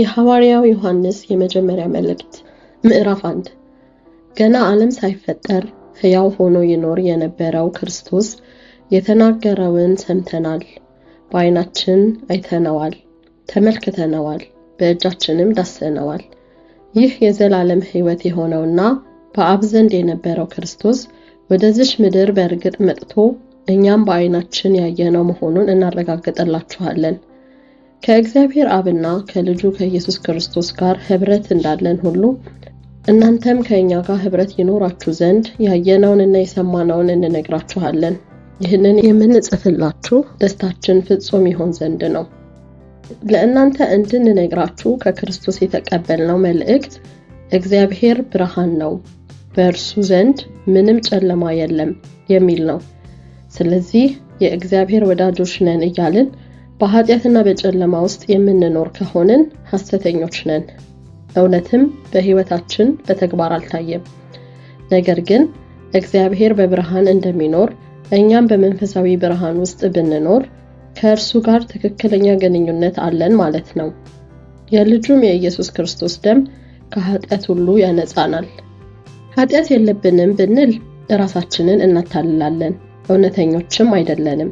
የሐዋርያው ዮሐንስ የመጀመሪያ መልእክት ምዕራፍ አንድ ገና ዓለም ሳይፈጠር ሕያው ሆኖ ይኖር የነበረው ክርስቶስ የተናገረውን ሰምተናል፣ በዓይናችን አይተነዋል፣ ተመልክተነዋል፣ በእጃችንም ዳሰነዋል። ይህ የዘላለም ሕይወት የሆነውና በአብ ዘንድ የነበረው ክርስቶስ ወደዚች ምድር በእርግጥ መጥቶ እኛም በዓይናችን ያየነው መሆኑን እናረጋግጥላችኋለን። ከእግዚአብሔር አብና ከልጁ ከኢየሱስ ክርስቶስ ጋር ህብረት እንዳለን ሁሉ እናንተም ከእኛ ጋር ህብረት ይኖራችሁ ዘንድ ያየነውንና የሰማነውን እንነግራችኋለን። ይህንን የምንጽፍላችሁ ደስታችን ፍጹም ይሆን ዘንድ ነው። ለእናንተ እንድንነግራችሁ ከክርስቶስ የተቀበልነው መልእክት እግዚአብሔር ብርሃን ነው፣ በእርሱ ዘንድ ምንም ጨለማ የለም የሚል ነው። ስለዚህ የእግዚአብሔር ወዳጆች ነን እያልን በኃጢአትና በጨለማ ውስጥ የምንኖር ከሆንን ሐሰተኞች ነን። እውነትም በሕይወታችን በተግባር አልታየም። ነገር ግን እግዚአብሔር በብርሃን እንደሚኖር እኛም በመንፈሳዊ ብርሃን ውስጥ ብንኖር ከእርሱ ጋር ትክክለኛ ግንኙነት አለን ማለት ነው። የልጁም የኢየሱስ ክርስቶስ ደም ከኃጢአት ሁሉ ያነጻናል። ኃጢአት የለብንም ብንል ራሳችንን እናታልላለን፣ እውነተኞችም አይደለንም።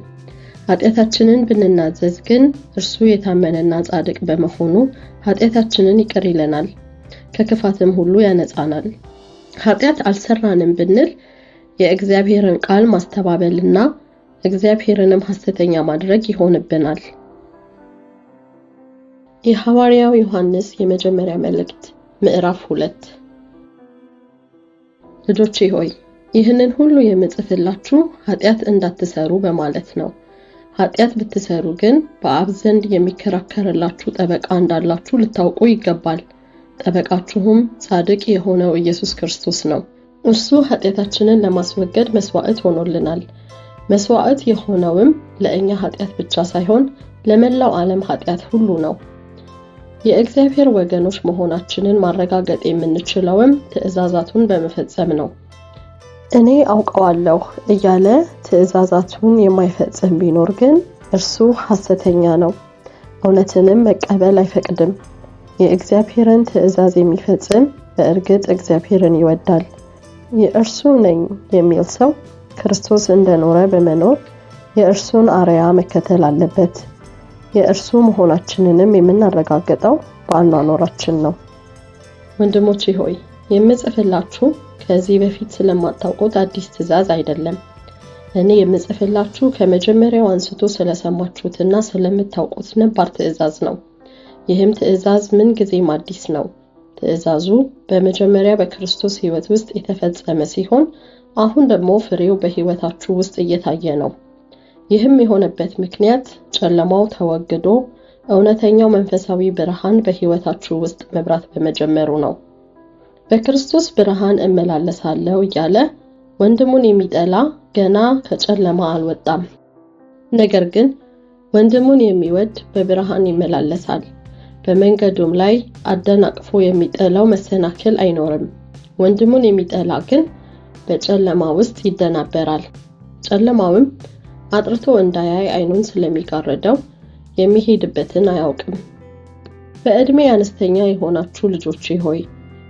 ኃጢአታችንን ብንናዘዝ ግን እርሱ የታመነና ጻድቅ በመሆኑ ኃጢአታችንን ይቅር ይለናል፣ ከክፋትም ሁሉ ያነጻናል። ኃጢአት አልሰራንም ብንል የእግዚአብሔርን ቃል ማስተባበልና እግዚአብሔርንም ሐሰተኛ ማድረግ ይሆንብናል። የሐዋርያው ዮሐንስ የመጀመሪያ መልእክት ምዕራፍ ሁለት ልጆቼ ሆይ ይህንን ሁሉ የምጽፍላችሁ ኃጢአት እንዳትሰሩ በማለት ነው። ኃጢአት ብትሰሩ ግን በአብ ዘንድ የሚከራከርላችሁ ጠበቃ እንዳላችሁ ልታውቁ ይገባል። ጠበቃችሁም ጻድቅ የሆነው ኢየሱስ ክርስቶስ ነው። እርሱ ኃጢአታችንን ለማስወገድ መስዋዕት ሆኖልናል። መስዋዕት የሆነውም ለእኛ ኃጢአት ብቻ ሳይሆን ለመላው ዓለም ኃጢአት ሁሉ ነው። የእግዚአብሔር ወገኖች መሆናችንን ማረጋገጥ የምንችለውም ትእዛዛቱን በመፈጸም ነው። እኔ አውቀዋለሁ እያለ ትዕዛዛቱን የማይፈጽም ቢኖር ግን እርሱ ሐሰተኛ ነው፣ እውነትንም መቀበል አይፈቅድም። የእግዚአብሔርን ትዕዛዝ የሚፈጽም በእርግጥ እግዚአብሔርን ይወዳል። የእርሱ ነኝ የሚል ሰው ክርስቶስ እንደኖረ በመኖር የእርሱን አርያ መከተል አለበት። የእርሱ መሆናችንንም የምናረጋግጠው በአኗኗራችን ነው። ወንድሞቼ ሆይ የምጽፍላችሁ ከዚህ በፊት ስለማታውቁት አዲስ ትዕዛዝ አይደለም። እኔ የምጽፍላችሁ ከመጀመሪያው አንስቶ ስለሰማችሁትና ስለምታውቁት ነባር ትዕዛዝ ነው። ይህም ትዕዛዝ ምን ጊዜም አዲስ ነው። ትዕዛዙ በመጀመሪያ በክርስቶስ ሕይወት ውስጥ የተፈጸመ ሲሆን አሁን ደግሞ ፍሬው በሕይወታችሁ ውስጥ እየታየ ነው። ይህም የሆነበት ምክንያት ጨለማው ተወግዶ እውነተኛው መንፈሳዊ ብርሃን በሕይወታችሁ ውስጥ መብራት በመጀመሩ ነው። በክርስቶስ ብርሃን እመላለሳለሁ እያለ ወንድሙን የሚጠላ ገና ከጨለማ አልወጣም። ነገር ግን ወንድሙን የሚወድ በብርሃን ይመላለሳል፣ በመንገዱም ላይ አደናቅፎ የሚጠላው መሰናክል አይኖርም። ወንድሙን የሚጠላ ግን በጨለማ ውስጥ ይደናበራል፣ ጨለማውም አጥርቶ እንዳያይ አይኑን ስለሚጋረደው የሚሄድበትን አያውቅም። በዕድሜ አነስተኛ የሆናችሁ ልጆቼ ሆይ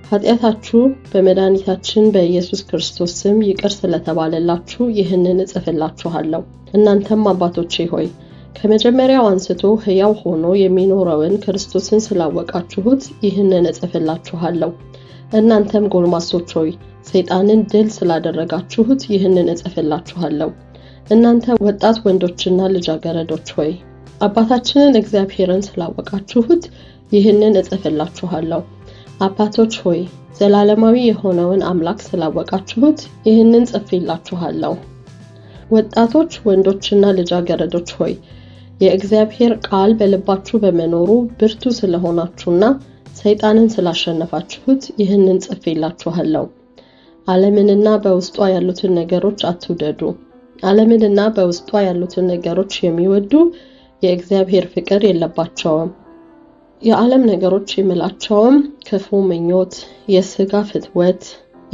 ኃጢአታችሁ በመድኃኒታችን በኢየሱስ ክርስቶስ ስም ይቅር ስለተባለላችሁ ይህንን እጽፍላችኋለሁ። እናንተም አባቶቼ ሆይ ከመጀመሪያው አንስቶ ሕያው ሆኖ የሚኖረውን ክርስቶስን ስላወቃችሁት ይህንን እጽፍላችኋለሁ። እናንተም ጎልማሶች ሆይ ሰይጣንን ድል ስላደረጋችሁት ይህንን እጽፍላችኋለሁ። እናንተ ወጣት ወንዶችና ልጃገረዶች ሆይ አባታችንን እግዚአብሔርን ስላወቃችሁት ይህንን እጽፍላችኋለሁ። አባቶች ሆይ ዘላለማዊ የሆነውን አምላክ ስላወቃችሁት ይህንን ጽፌላችኋለሁ። ወጣቶች ወንዶችና ልጃገረዶች ሆይ የእግዚአብሔር ቃል በልባችሁ በመኖሩ ብርቱ ስለሆናችሁና ሰይጣንን ስላሸነፋችሁት ይህንን ጽፌላችኋለሁ። አለምንና በውስጧ ያሉትን ነገሮች አትውደዱ። አለምንና በውስጧ ያሉትን ነገሮች የሚወዱ የእግዚአብሔር ፍቅር የለባቸውም። የዓለም ነገሮች የምላቸውም ክፉ ምኞት፣ የስጋ ፍትወት፣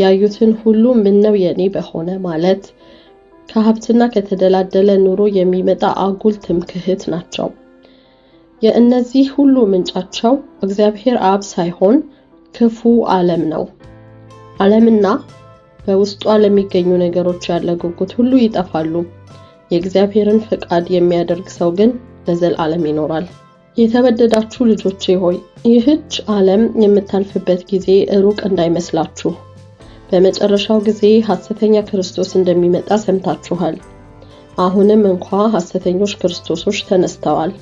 ያዩትን ሁሉ ምነው የኔ በሆነ ማለት፣ ከሀብትና ከተደላደለ ኑሮ የሚመጣ አጉል ትምክህት ናቸው። የእነዚህ ሁሉ ምንጫቸው እግዚአብሔር አብ ሳይሆን ክፉ ዓለም ነው። ዓለምና በውስጧ ለሚገኙ ነገሮች ያለ ጉጉት ሁሉ ይጠፋሉ። የእግዚአብሔርን ፈቃድ የሚያደርግ ሰው ግን ለዘላለም ይኖራል። የተወደዳችሁ ልጆቼ ሆይ ይህች ዓለም የምታልፍበት ጊዜ ሩቅ እንዳይመስላችሁ። በመጨረሻው ጊዜ ሐሰተኛ ክርስቶስ እንደሚመጣ ሰምታችኋል። አሁንም እንኳ ሐሰተኞች ክርስቶሶች ተነስተዋል።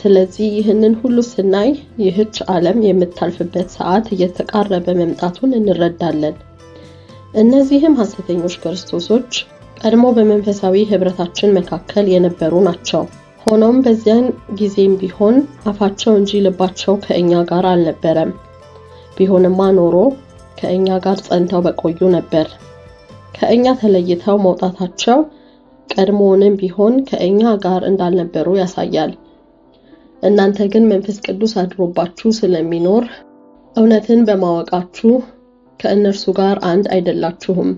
ስለዚህ ይህንን ሁሉ ስናይ ይህች ዓለም የምታልፍበት ሰዓት እየተቃረበ መምጣቱን እንረዳለን። እነዚህም ሐሰተኞች ክርስቶሶች ቀድሞ በመንፈሳዊ ኅብረታችን መካከል የነበሩ ናቸው። ሆኖም በዚያን ጊዜም ቢሆን አፋቸው እንጂ ልባቸው ከእኛ ጋር አልነበረም። ቢሆንማ ኖሮ ከእኛ ጋር ጸንተው በቆዩ ነበር። ከእኛ ተለይተው መውጣታቸው ቀድሞውንም ቢሆን ከእኛ ጋር እንዳልነበሩ ያሳያል። እናንተ ግን መንፈስ ቅዱስ አድሮባችሁ ስለሚኖር እውነትን በማወቃችሁ ከእነርሱ ጋር አንድ አይደላችሁም።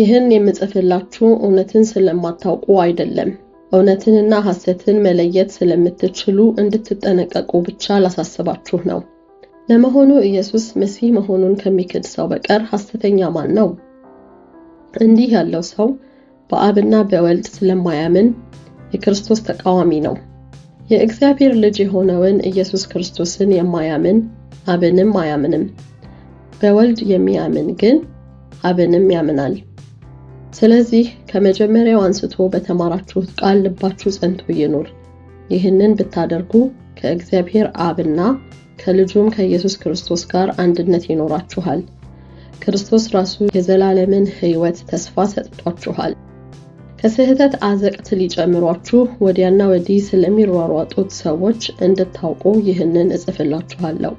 ይህን የምጽፍላችሁ እውነትን ስለማታውቁ አይደለም። እውነትንና ሐሰትን መለየት ስለምትችሉ እንድትጠነቀቁ ብቻ ላሳስባችሁ ነው። ለመሆኑ ኢየሱስ መሲህ መሆኑን ከሚክድ ሰው በቀር ሐሰተኛ ማን ነው? እንዲህ ያለው ሰው በአብና በወልድ ስለማያምን የክርስቶስ ተቃዋሚ ነው። የእግዚአብሔር ልጅ የሆነውን ኢየሱስ ክርስቶስን የማያምን አብንም አያምንም። በወልድ የሚያምን ግን አብንም ያምናል። ስለዚህ ከመጀመሪያው አንስቶ በተማራችሁት ቃል ልባችሁ ጸንቶ ይኑር። ይህንን ብታደርጉ ከእግዚአብሔር አብና ከልጁም ከኢየሱስ ክርስቶስ ጋር አንድነት ይኖራችኋል። ክርስቶስ ራሱ የዘላለምን ሕይወት ተስፋ ሰጥቷችኋል። ከስህተት አዘቅት ሊጨምሯችሁ ወዲያና ወዲህ ስለሚሯሯጡት ሰዎች እንድታውቁ ይህንን እጽፍላችኋለሁ።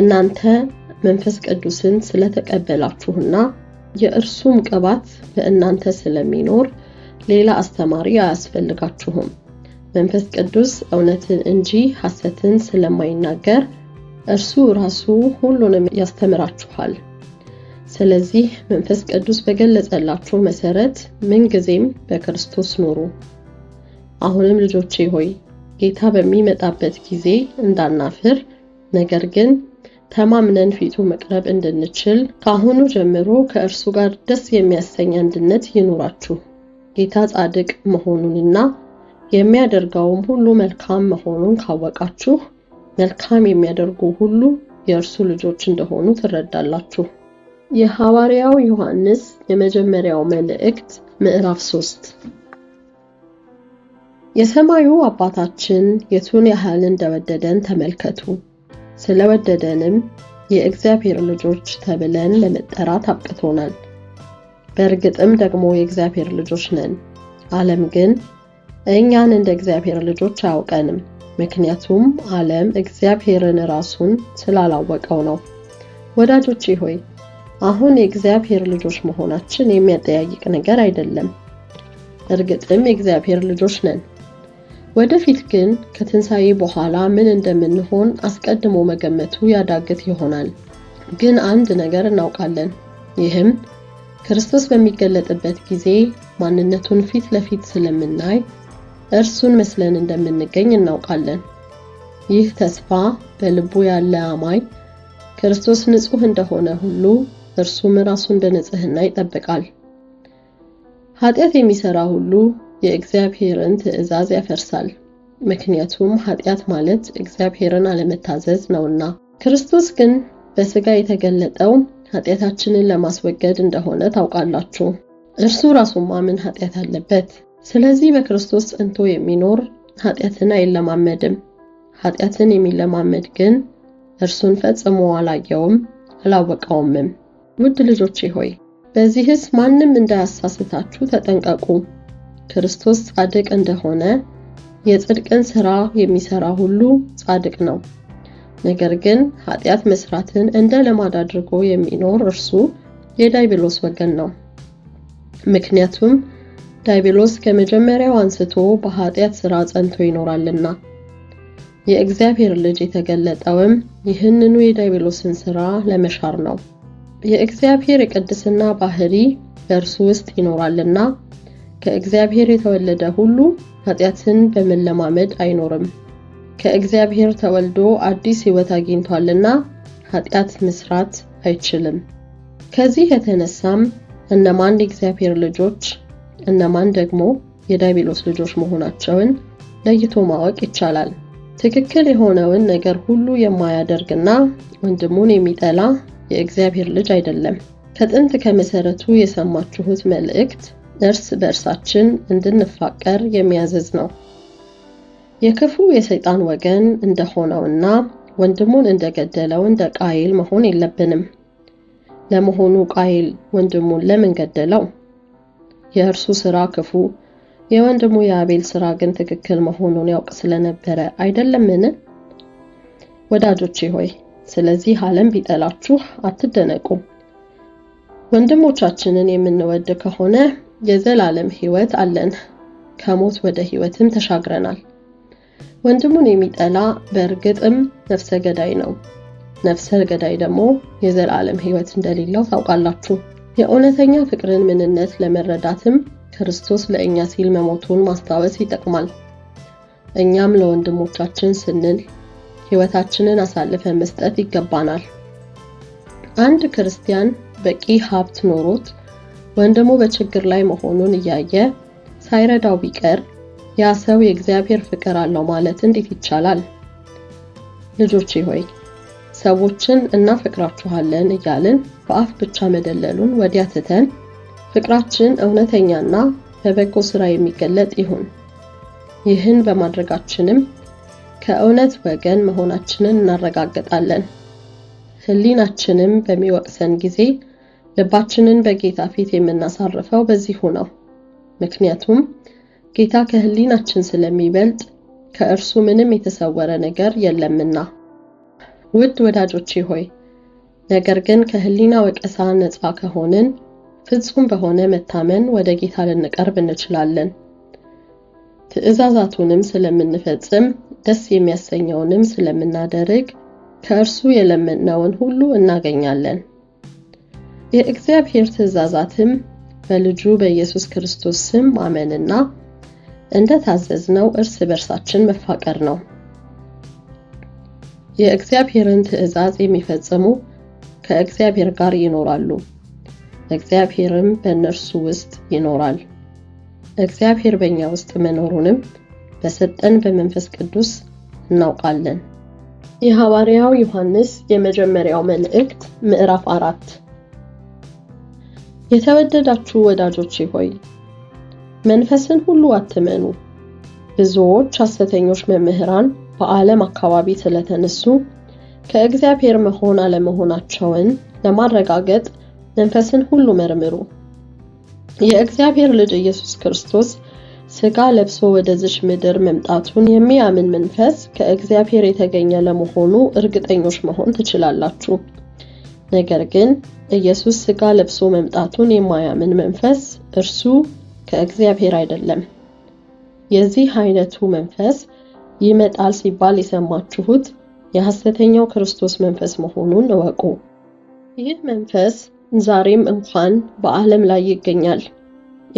እናንተ መንፈስ ቅዱስን ስለተቀበላችሁና የእርሱም ቅባት በእናንተ ስለሚኖር ሌላ አስተማሪ አያስፈልጋችሁም። መንፈስ ቅዱስ እውነትን እንጂ ሐሰትን ስለማይናገር እርሱ ራሱ ሁሉንም ያስተምራችኋል። ስለዚህ መንፈስ ቅዱስ በገለጸላችሁ መሰረት ምንጊዜም በክርስቶስ ኑሩ። አሁንም ልጆቼ ሆይ ጌታ በሚመጣበት ጊዜ እንዳናፍር ነገር ግን ተማምነን ፊቱ መቅረብ እንድንችል ከአሁኑ ጀምሮ ከእርሱ ጋር ደስ የሚያሰኝ አንድነት ይኖራችሁ ጌታ ጻድቅ መሆኑንና የሚያደርገውም ሁሉ መልካም መሆኑን ካወቃችሁ መልካም የሚያደርጉ ሁሉ የእርሱ ልጆች እንደሆኑ ትረዳላችሁ። የሐዋርያው ዮሐንስ የመጀመሪያው መልእክት ምዕራፍ 3 የሰማዩ አባታችን የቱን ያህል እንደወደደን ተመልከቱ። ስለወደደንም የእግዚአብሔር ልጆች ተብለን ለመጠራት አብቅቶናል። በእርግጥም ደግሞ የእግዚአብሔር ልጆች ነን። ዓለም ግን እኛን እንደ እግዚአብሔር ልጆች አያውቀንም። ምክንያቱም ዓለም እግዚአብሔርን ራሱን ስላላወቀው ነው። ወዳጆቼ ሆይ አሁን የእግዚአብሔር ልጆች መሆናችን የሚያጠያይቅ ነገር አይደለም። እርግጥም የእግዚአብሔር ልጆች ነን። ወደፊት ግን ከትንሣኤ በኋላ ምን እንደምንሆን አስቀድሞ መገመቱ ያዳግት ይሆናል። ግን አንድ ነገር እናውቃለን። ይህም ክርስቶስ በሚገለጥበት ጊዜ ማንነቱን ፊት ለፊት ስለምናይ እርሱን መስለን እንደምንገኝ እናውቃለን። ይህ ተስፋ በልቡ ያለ አማኝ ክርስቶስ ንጹሕ እንደሆነ ሁሉ እርሱም ራሱን በንጽህና ይጠብቃል። ኃጢአት የሚሠራ ሁሉ የእግዚአብሔርን ትእዛዝ ያፈርሳል። ምክንያቱም ኃጢአት ማለት እግዚአብሔርን አለመታዘዝ ነውና። ክርስቶስ ግን በሥጋ የተገለጠው ኃጢአታችንን ለማስወገድ እንደሆነ ታውቃላችሁ። እርሱ ራሱም ማመን ኃጢአት አለበት። ስለዚህ በክርስቶስ ጸንቶ የሚኖር ኃጢአትን አይለማመድም። ኃጢአትን የሚለማመድ ግን እርሱን ፈጽሞ አላየውም አላወቀውምም። ውድ ልጆቼ ሆይ በዚህስ ማንም እንዳያሳስታችሁ ተጠንቀቁ። ክርስቶስ ጻድቅ እንደሆነ የጽድቅን ሥራ የሚሰራ ሁሉ ጻድቅ ነው። ነገር ግን ኃጢአት መስራትን እንደ ልማድ አድርጎ የሚኖር እርሱ የዳይብሎስ ወገን ነው። ምክንያቱም ዳይብሎስ ከመጀመሪያው አንስቶ በኃጢአት ሥራ ጸንቶ ይኖራልና። የእግዚአብሔር ልጅ የተገለጠውም ይህንኑ የዳይብሎስን ሥራ ለመሻር ነው። የእግዚአብሔር የቅድስና ባህሪ በእርሱ ውስጥ ይኖራልና ከእግዚአብሔር የተወለደ ሁሉ ኃጢአትን በመለማመድ አይኖርም፣ ከእግዚአብሔር ተወልዶ አዲስ ሕይወት አግኝቷልና ኃጢአት መስራት አይችልም። ከዚህ የተነሳም እነማን የእግዚአብሔር ልጆች እነማን ደግሞ የዳቢሎስ ልጆች መሆናቸውን ለይቶ ማወቅ ይቻላል። ትክክል የሆነውን ነገር ሁሉ የማያደርግና ወንድሙን የሚጠላ የእግዚአብሔር ልጅ አይደለም። ከጥንት ከመሰረቱ የሰማችሁት መልእክት እርስ በእርሳችን እንድንፋቀር የሚያዝዝ ነው። የክፉ የሰይጣን ወገን እንደሆነውና ወንድሙን እንደገደለው እንደ ቃይል መሆን የለብንም። ለመሆኑ ቃይል ወንድሙን ለምን ገደለው? የእርሱ ስራ ክፉ፣ የወንድሙ የአቤል ስራ ግን ትክክል መሆኑን ያውቅ ስለነበረ አይደለምን? ወዳጆቼ ሆይ ስለዚህ ዓለም ቢጠላችሁ አትደነቁ። ወንድሞቻችንን የምንወድ ከሆነ የዘላለም ህይወት አለን። ከሞት ወደ ህይወትም ተሻግረናል። ወንድሙን የሚጠላ በእርግጥም ነፍሰ ገዳይ ነው። ነፍሰ ገዳይ ደግሞ የዘላለም ህይወት እንደሌለው ታውቃላችሁ። የእውነተኛ ፍቅርን ምንነት ለመረዳትም ክርስቶስ ለእኛ ሲል መሞቱን ማስታወስ ይጠቅማል። እኛም ለወንድሞቻችን ስንል ህይወታችንን አሳልፈን መስጠት ይገባናል። አንድ ክርስቲያን በቂ ሀብት ኖሮት ወንድሙ በችግር ላይ መሆኑን እያየ ሳይረዳው ቢቀር ያ ሰው የእግዚአብሔር ፍቅር አለው ማለት እንዴት ይቻላል? ልጆቼ ሆይ ሰዎችን እናፈቅራችኋለን እያልን በአፍ ብቻ መደለሉን ወዲያ ትተን ፍቅራችን እውነተኛና በበጎ ስራ የሚገለጥ ይሁን። ይህን በማድረጋችንም ከእውነት ወገን መሆናችንን እናረጋግጣለን። ሕሊናችንም በሚወቅሰን ጊዜ ልባችንን በጌታ ፊት የምናሳርፈው በዚሁ ነው። ምክንያቱም ጌታ ከህሊናችን ስለሚበልጥ ከእርሱ ምንም የተሰወረ ነገር የለምና። ውድ ወዳጆቼ ሆይ፣ ነገር ግን ከህሊና ወቀሳ ነፃ ከሆንን ፍጹም በሆነ መታመን ወደ ጌታ ልንቀርብ እንችላለን። ትእዛዛቱንም ስለምንፈጽም ደስ የሚያሰኘውንም ስለምናደርግ ከእርሱ የለመነውን ሁሉ እናገኛለን። የእግዚአብሔር ትእዛዛትም በልጁ በኢየሱስ ክርስቶስ ስም ማመንና እንደ ታዘዝነው እርስ በርሳችን መፋቀር ነው። የእግዚአብሔርን ትእዛዝ የሚፈጽሙ ከእግዚአብሔር ጋር ይኖራሉ፣ እግዚአብሔርም በእነርሱ ውስጥ ይኖራል። እግዚአብሔር በእኛ ውስጥ መኖሩንም በሰጠን በመንፈስ ቅዱስ እናውቃለን። የሐዋርያው ዮሐንስ የመጀመሪያው መልእክት ምዕራፍ አራት የተወደዳችሁ ወዳጆቼ ሆይ መንፈስን ሁሉ አትመኑ። ብዙዎች ሐሰተኞች መምህራን በዓለም አካባቢ ስለተነሱ ከእግዚአብሔር መሆን አለመሆናቸውን ለማረጋገጥ መንፈስን ሁሉ መርምሩ። የእግዚአብሔር ልጅ ኢየሱስ ክርስቶስ ስጋ ለብሶ ወደዚች ምድር መምጣቱን የሚያምን መንፈስ ከእግዚአብሔር የተገኘ ለመሆኑ እርግጠኞች መሆን ትችላላችሁ። ነገር ግን ኢየሱስ ሥጋ ለብሶ መምጣቱን የማያምን መንፈስ እርሱ ከእግዚአብሔር አይደለም። የዚህ አይነቱ መንፈስ ይመጣል ሲባል የሰማችሁት የሐሰተኛው ክርስቶስ መንፈስ መሆኑን እወቁ። ይህ መንፈስ ዛሬም እንኳን በዓለም ላይ ይገኛል።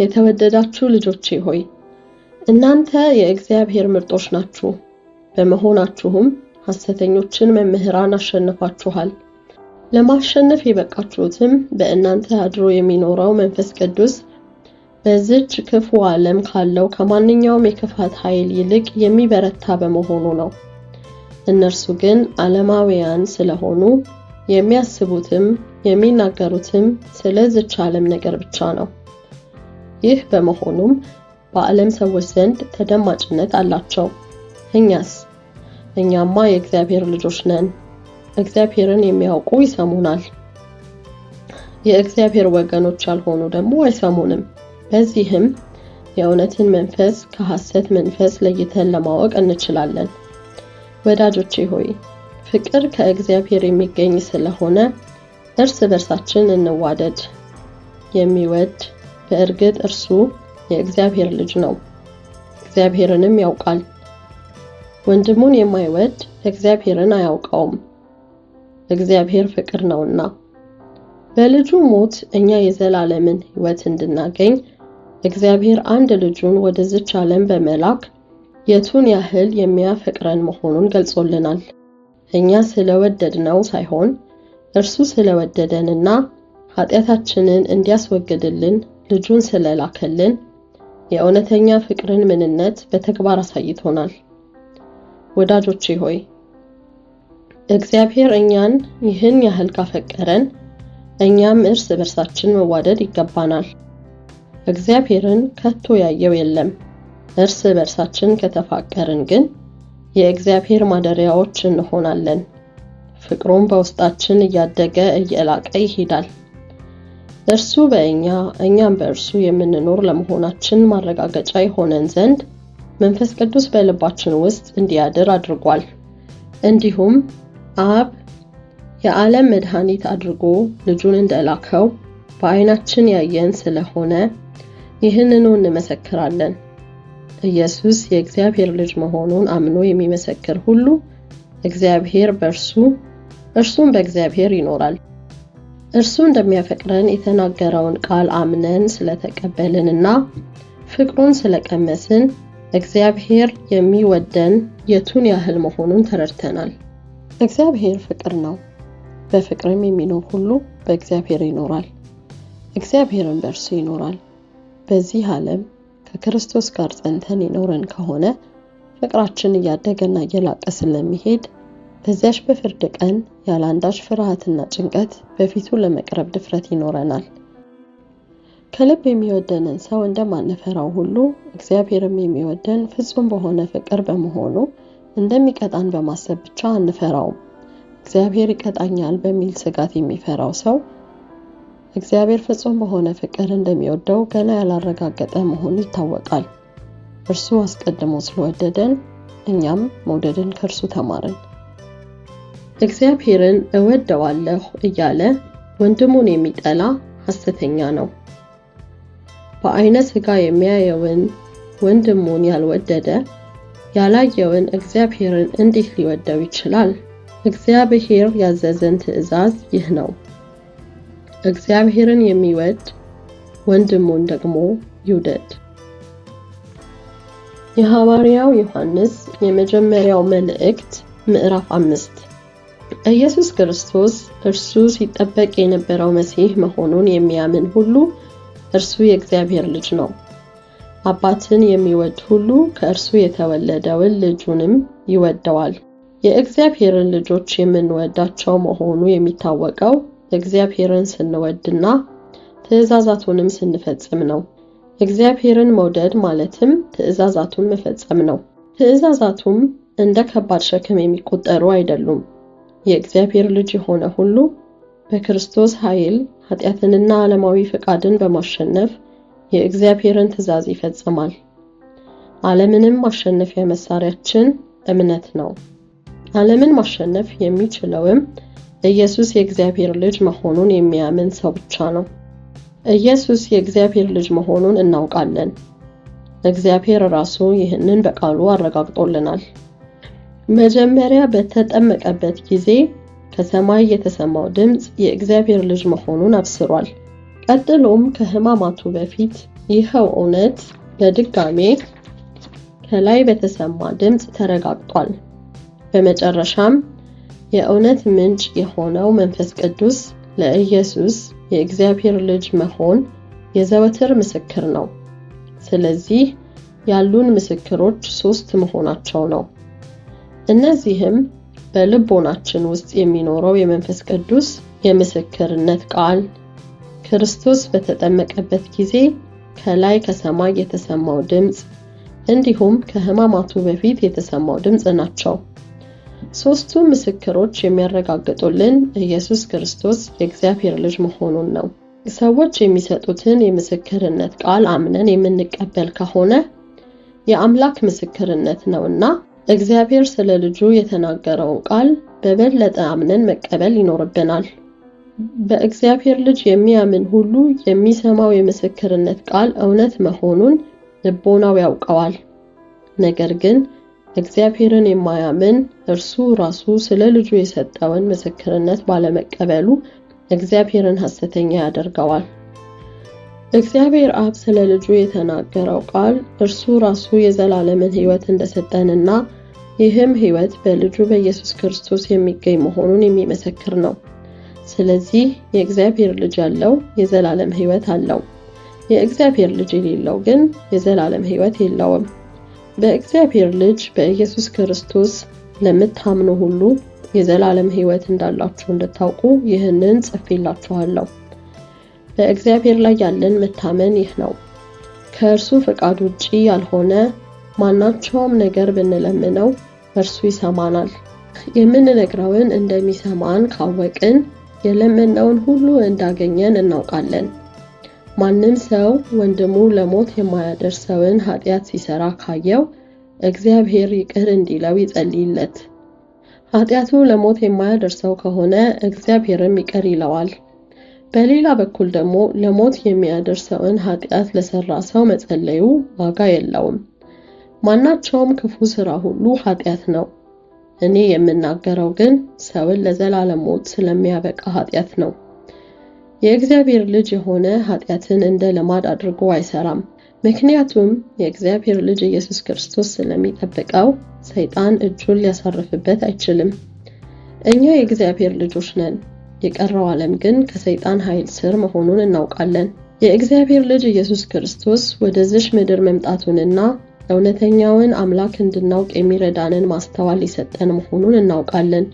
የተወደዳችሁ ልጆቼ ሆይ እናንተ የእግዚአብሔር ምርጦች ናችሁ፣ በመሆናችሁም ሐሰተኞችን መምህራን አሸንፋችኋል። ለማሸነፍ የበቃችሁትም በእናንተ አድሮ የሚኖረው መንፈስ ቅዱስ በዚች ክፉ ዓለም ካለው ከማንኛውም የክፋት ኃይል ይልቅ የሚበረታ በመሆኑ ነው። እነርሱ ግን ዓለማውያን ስለሆኑ የሚያስቡትም የሚናገሩትም ስለዚች ዓለም ነገር ብቻ ነው። ይህ በመሆኑም በዓለም ሰዎች ዘንድ ተደማጭነት አላቸው። እኛስ? እኛማ የእግዚአብሔር ልጆች ነን። እግዚአብሔርን የሚያውቁ ይሰሙናል፣ የእግዚአብሔር ወገኖች ያልሆኑ ደግሞ አይሰሙንም። በዚህም የእውነትን መንፈስ ከሐሰት መንፈስ ለይተን ለማወቅ እንችላለን። ወዳጆቼ ሆይ ፍቅር ከእግዚአብሔር የሚገኝ ስለሆነ እርስ በርሳችን እንዋደድ። የሚወድ በእርግጥ እርሱ የእግዚአብሔር ልጅ ነው፣ እግዚአብሔርንም ያውቃል። ወንድሙን የማይወድ እግዚአብሔርን አያውቀውም። እግዚአብሔር ፍቅር ነውና በልጁ ሞት እኛ የዘላለምን ህይወት እንድናገኝ እግዚአብሔር አንድ ልጁን ወደዚች ዓለም በመላክ የቱን ያህል የሚያፈቅረን መሆኑን ገልጾልናል። እኛ ስለወደድነው ሳይሆን እርሱ ስለወደደንና ኃጢአታችንን እንዲያስወግድልን ልጁን ስለላከልን የእውነተኛ ፍቅርን ምንነት በተግባር አሳይቶናል። ወዳጆቼ ሆይ እግዚአብሔር እኛን ይህን ያህል ካፈቀረን እኛም እርስ በርሳችን መዋደድ ይገባናል። እግዚአብሔርን ከቶ ያየው የለም። እርስ በርሳችን ከተፋቀርን ግን የእግዚአብሔር ማደሪያዎች እንሆናለን። ፍቅሩም በውስጣችን እያደገ እየላቀ ይሄዳል። እርሱ በእኛ እኛም በእርሱ የምንኖር ለመሆናችን ማረጋገጫ የሆነን ዘንድ መንፈስ ቅዱስ በልባችን ውስጥ እንዲያድር አድርጓል። እንዲሁም አብ የዓለም መድኃኒት አድርጎ ልጁን እንደላከው በዓይናችን ያየን ስለሆነ ይህንኑ እንመሰክራለን። ኢየሱስ የእግዚአብሔር ልጅ መሆኑን አምኖ የሚመሰክር ሁሉ እግዚአብሔር በእርሱ እርሱም በእግዚአብሔር ይኖራል። እርሱ እንደሚያፈቅረን የተናገረውን ቃል አምነን ስለተቀበልንና ፍቅሩን ስለቀመስን እግዚአብሔር የሚወደን የቱን ያህል መሆኑን ተረድተናል። እግዚአብሔር ፍቅር ነው፣ በፍቅርም የሚኖር ሁሉ በእግዚአብሔር ይኖራል፣ እግዚአብሔርን በእርሱ ይኖራል። በዚህ ዓለም ከክርስቶስ ጋር ጸንተን ይኖረን ከሆነ ፍቅራችን እያደገና እየላቀ ስለሚሄድ በዚያች በፍርድ ቀን ያለ አንዳች ፍርሃትና ጭንቀት በፊቱ ለመቅረብ ድፍረት ይኖረናል። ከልብ የሚወደንን ሰው እንደማንፈራው ሁሉ እግዚአብሔርም የሚወደን ፍጹም በሆነ ፍቅር በመሆኑ እንደሚቀጣን በማሰብ ብቻ አንፈራውም። እግዚአብሔር ይቀጣኛል በሚል ስጋት የሚፈራው ሰው እግዚአብሔር ፍጹም በሆነ ፍቅር እንደሚወደው ገና ያላረጋገጠ መሆኑ ይታወቃል። እርሱ አስቀድሞ ስለወደደን እኛም መውደድን ከእርሱ ተማርን። እግዚአብሔርን እወደዋለሁ እያለ ወንድሙን የሚጠላ ሐሰተኛ ነው። በአይነ ሥጋ የሚያየውን ወንድሙን ያልወደደ ያላየውን እግዚአብሔርን እንዴት ሊወደው ይችላል? እግዚአብሔር ያዘዘን ትእዛዝ ይህ ነው። እግዚአብሔርን የሚወድ ወንድሙን ደግሞ ይውደድ። የሐዋርያው ዮሐንስ የመጀመሪያው መልእክት ምዕራፍ አምስት ኢየሱስ ክርስቶስ እርሱ ሲጠበቅ የነበረው መሲህ መሆኑን የሚያምን ሁሉ እርሱ የእግዚአብሔር ልጅ ነው። አባትን የሚወድ ሁሉ ከእርሱ የተወለደውን ልጁንም ይወደዋል። የእግዚአብሔርን ልጆች የምንወዳቸው መሆኑ የሚታወቀው እግዚአብሔርን ስንወድና ትእዛዛቱንም ስንፈጽም ነው። እግዚአብሔርን መውደድ ማለትም ትእዛዛቱን መፈጸም ነው። ትእዛዛቱም እንደ ከባድ ሸክም የሚቆጠሩ አይደሉም። የእግዚአብሔር ልጅ የሆነ ሁሉ በክርስቶስ ኃይል ኃጢአትንና ዓለማዊ ፈቃድን በማሸነፍ የእግዚአብሔርን ትእዛዝ ይፈጽማል። ዓለምንም ማሸነፍ የመሳሪያችን እምነት ነው። ዓለምን ማሸነፍ የሚችለውም ኢየሱስ የእግዚአብሔር ልጅ መሆኑን የሚያምን ሰው ብቻ ነው። ኢየሱስ የእግዚአብሔር ልጅ መሆኑን እናውቃለን። እግዚአብሔር ራሱ ይህንን በቃሉ አረጋግጦልናል። መጀመሪያ በተጠመቀበት ጊዜ ከሰማይ የተሰማው ድምፅ የእግዚአብሔር ልጅ መሆኑን አብስሯል። ቀጥሎም ከህማማቱ በፊት ይኸው እውነት በድጋሜ ከላይ በተሰማ ድምፅ ተረጋግጧል። በመጨረሻም የእውነት ምንጭ የሆነው መንፈስ ቅዱስ ለኢየሱስ የእግዚአብሔር ልጅ መሆን የዘወትር ምስክር ነው። ስለዚህ ያሉን ምስክሮች ሶስት መሆናቸው ነው። እነዚህም በልቦናችን ውስጥ የሚኖረው የመንፈስ ቅዱስ የምስክርነት ቃል ክርስቶስ በተጠመቀበት ጊዜ ከላይ ከሰማይ የተሰማው ድምፅ እንዲሁም ከህማማቱ በፊት የተሰማው ድምፅ ናቸው። ሶስቱ ምስክሮች የሚያረጋግጡልን ኢየሱስ ክርስቶስ የእግዚአብሔር ልጅ መሆኑን ነው። ሰዎች የሚሰጡትን የምስክርነት ቃል አምነን የምንቀበል ከሆነ የአምላክ ምስክርነት ነውና እግዚአብሔር ስለ ልጁ የተናገረውን ቃል በበለጠ አምነን መቀበል ይኖርብናል። በእግዚአብሔር ልጅ የሚያምን ሁሉ የሚሰማው የምስክርነት ቃል እውነት መሆኑን ልቦናው ያውቀዋል። ነገር ግን እግዚአብሔርን የማያምን እርሱ ራሱ ስለ ልጁ የሰጠውን ምስክርነት ባለመቀበሉ እግዚአብሔርን ሐሰተኛ ያደርገዋል። እግዚአብሔር አብ ስለ ልጁ የተናገረው ቃል እርሱ ራሱ የዘላለምን ህይወት እንደሰጠንና ይህም ህይወት በልጁ በኢየሱስ ክርስቶስ የሚገኝ መሆኑን የሚመሰክር ነው። ስለዚህ የእግዚአብሔር ልጅ ያለው የዘላለም ህይወት አለው፣ የእግዚአብሔር ልጅ የሌለው ግን የዘላለም ህይወት የለውም። በእግዚአብሔር ልጅ በኢየሱስ ክርስቶስ ለምታምኑ ሁሉ የዘላለም ህይወት እንዳላችሁ እንድታውቁ ይህንን ጽፌላችኋለሁ። በእግዚአብሔር ላይ ያለን መታመን ይህ ነው። ከእርሱ ፈቃድ ውጪ ያልሆነ ማናቸውም ነገር ብንለምነው እርሱ ይሰማናል። የምንነግረውን እንደሚሰማን ካወቅን የለመናውን ሁሉ እንዳገኘን እናውቃለን። ማንም ሰው ወንድሙ ለሞት የማያደርሰውን ኃጢአት ሲሰራ ካየው እግዚአብሔር ይቅር እንዲለው ይጸልይለት። ኃጢአቱ ለሞት የማያደርሰው ከሆነ እግዚአብሔርም ይቅር ይለዋል። በሌላ በኩል ደግሞ ለሞት የሚያደርሰውን ኃጢአት ለሰራ ሰው መጸለዩ ዋጋ የለውም። ማናቸውም ክፉ ስራ ሁሉ ኃጢአት ነው። እኔ የምናገረው ግን ሰውን ለዘላለም ሞት ስለሚያበቃ ኃጢአት ነው። የእግዚአብሔር ልጅ የሆነ ኃጢአትን እንደ ልማድ አድርጎ አይሰራም። ምክንያቱም የእግዚአብሔር ልጅ ኢየሱስ ክርስቶስ ስለሚጠብቀው ሰይጣን እጁን ሊያሳርፍበት አይችልም። እኛ የእግዚአብሔር ልጆች ነን። የቀረው ዓለም ግን ከሰይጣን ኃይል ስር መሆኑን እናውቃለን። የእግዚአብሔር ልጅ ኢየሱስ ክርስቶስ ወደዚህ ምድር መምጣቱንና እውነተኛውን አምላክ እንድናውቅ የሚረዳንን ማስተዋል ሊሰጠን መሆኑን እናውቃለን።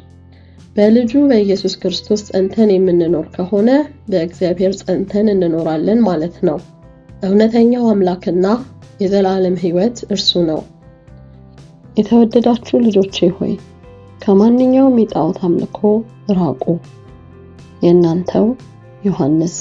በልጁ በኢየሱስ ክርስቶስ ጸንተን የምንኖር ከሆነ በእግዚአብሔር ጸንተን እንኖራለን ማለት ነው። እውነተኛው አምላክና የዘላለም ሕይወት እርሱ ነው። የተወደዳችሁ ልጆቼ ሆይ ከማንኛውም የጣዖት አምልኮ ራቁ። የእናንተው ዮሐንስ